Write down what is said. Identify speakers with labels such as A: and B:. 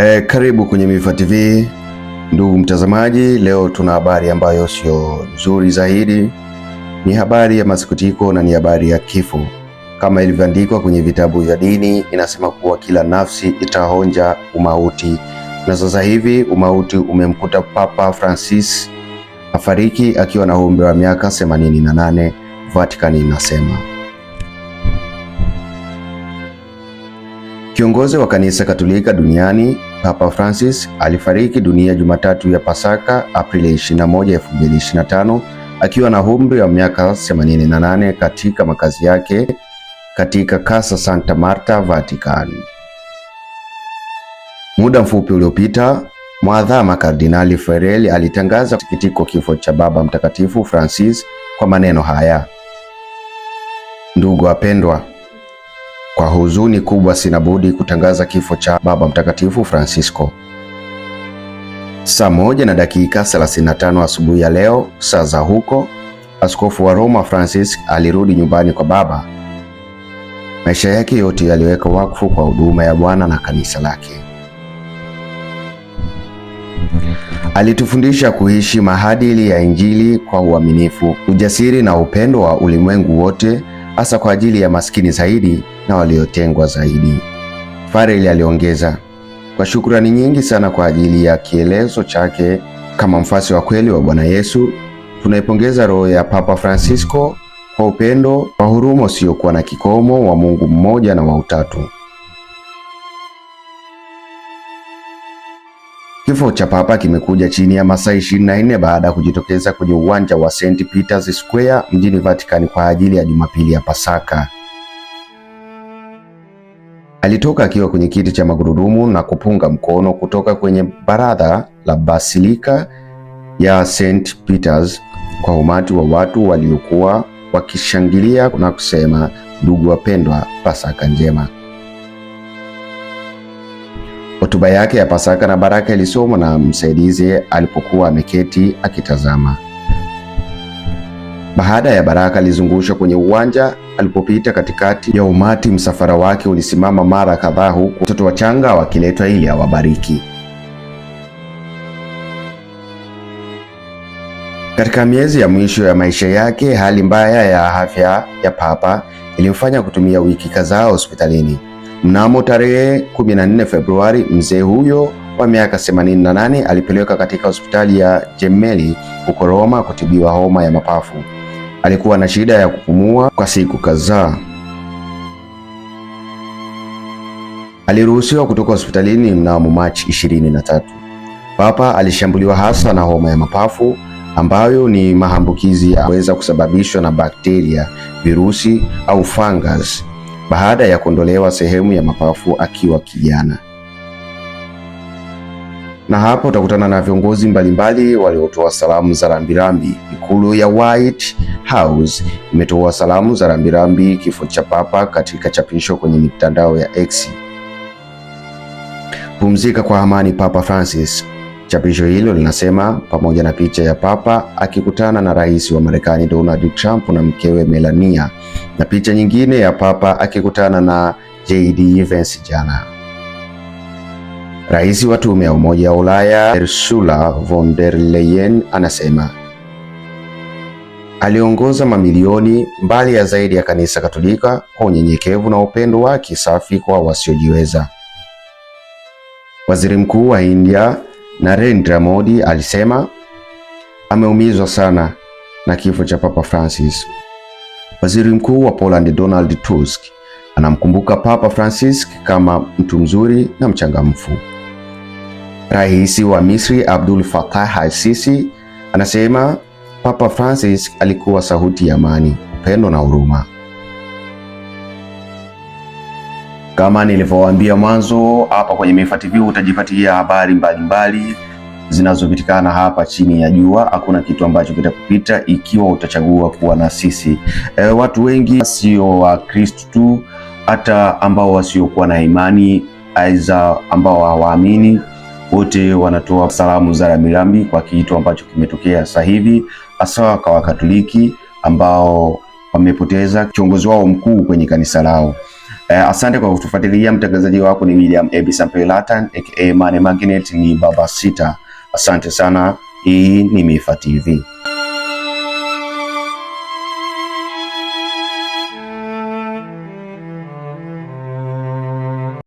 A: E, karibu kwenye Mifa TV ndugu mtazamaji, leo tuna habari ambayo sio nzuri zaidi. Ni habari ya masikitiko na ni habari ya kifo. Kama ilivyoandikwa kwenye vitabu vya dini, inasema kuwa kila nafsi itaonja umauti, na sasa hivi umauti umemkuta Papa Francis, afariki akiwa na umri wa miaka 88. Vatican inasema Kiongozi wa kanisa Katolika duniani Papa Francis alifariki dunia Jumatatu ya Pasaka, Aprili 21, 2025 akiwa na umri wa miaka 88 katika makazi yake katika Casa Santa Marta, Vatican. Muda mfupi uliopita, Mwadhama Kardinali Ferrelli alitangaza sikitiko kifo cha Baba Mtakatifu Francis kwa maneno haya: Ndugu wapendwa kwa huzuni kubwa, sina budi kutangaza kifo cha Baba Mtakatifu Francisco. Saa moja na dakika 35 asubuhi ya leo, saa za huko, askofu wa Roma Francis alirudi nyumbani kwa Baba. Maisha yake yote yaliweka wakfu kwa huduma ya Bwana na kanisa lake. Alitufundisha kuishi maadili ya Injili kwa uaminifu, ujasiri na upendo wa ulimwengu wote hasa kwa ajili ya maskini zaidi na waliotengwa zaidi. Farrell aliongeza kwa shukrani nyingi sana kwa ajili ya kielezo chake kama mfasi wa kweli wa Bwana Yesu. Tunaipongeza roho ya Papa Francisco kwa upendo wa huruma usiokuwa na kikomo wa Mungu mmoja na wa Utatu. Kifo cha Papa kimekuja chini ya masaa 24 baada ya kujitokeza kwenye uwanja wa St Peter's Square mjini Vatican kwa ajili ya Jumapili ya Pasaka. Alitoka akiwa kwenye kiti cha magurudumu na kupunga mkono kutoka kwenye baraza la Basilika ya St Peter's kwa umati wa watu waliokuwa wakishangilia na kusema, ndugu wapendwa, Pasaka njema. Hotuba yake ya Pasaka na Baraka ilisomwa na msaidizi alipokuwa ameketi akitazama. Baada ya Baraka alizungushwa kwenye uwanja. Alipopita katikati ya umati, msafara wake ulisimama mara kadhaa, huku watoto wachanga wakiletwa ili awabariki. Katika miezi ya mwisho ya maisha yake, hali mbaya ya afya ya Papa ilimfanya kutumia wiki kadhaa hospitalini. Mnamo tarehe 14 Februari, mzee huyo wa miaka 88 alipelekwa katika hospitali ya Gemelli huko Roma kutibiwa homa ya mapafu. Alikuwa na shida ya kupumua kwa siku kadhaa. Aliruhusiwa kutoka hospitalini mnamo Machi 23. Papa alishambuliwa hasa na homa ya mapafu ambayo ni maambukizi yaweza kusababishwa na bakteria, virusi au fungus baada ya kuondolewa sehemu ya mapafu akiwa kijana. Na hapo utakutana na viongozi mbalimbali waliotoa salamu za rambirambi. Ikulu ya White House imetoa salamu za rambirambi kifo cha Papa katika chapisho kwenye mitandao ya X. Pumzika kwa amani, Papa Francis. Chapisho hilo linasema pamoja na picha ya Papa akikutana na rais wa Marekani Donald Trump na mkewe Melania na picha nyingine ya Papa akikutana na JD Vance jana. Rais wa Tume ya Umoja wa Ulaya Ursula von der Leyen anasema aliongoza mamilioni mbali ya zaidi ya kanisa Katolika kwa unyenyekevu na upendo wake safi kwa wasiojiweza. Waziri Mkuu wa India Narendra Modi alisema ameumizwa sana na kifo cha Papa Francis. Waziri Mkuu wa Poland Donald Tusk anamkumbuka Papa Francis kama mtu mzuri na mchangamfu. Rais wa Misri Abdul Fattah al-Sisi anasema Papa Francis alikuwa sauti ya amani, upendo na huruma. Kama nilivyowaambia mwanzo, hapa kwenye Mifa TV utajipatia habari mbalimbali mbali zinazopitikana hapa chini ya jua. Hakuna kitu ambacho kitakupita ikiwa utachagua kuwa na sisi. E, watu wengi sio wa Kristo tu, hata ambao wasiokuwa na imani aiza, ambao hawaamini wote wanatoa salamu za rambirambi kwa kitu ambacho kimetokea sasa hivi, hasa kwa Wakatoliki ambao wamepoteza kiongozi wao mkuu kwenye kanisa lao. Eh, asante kwa kutufuatilia. Mtangazaji wako ni William Ebisampelatan aka Mane Magnet, ni Baba Sita. Asante sana. Hii ni Mifa TV.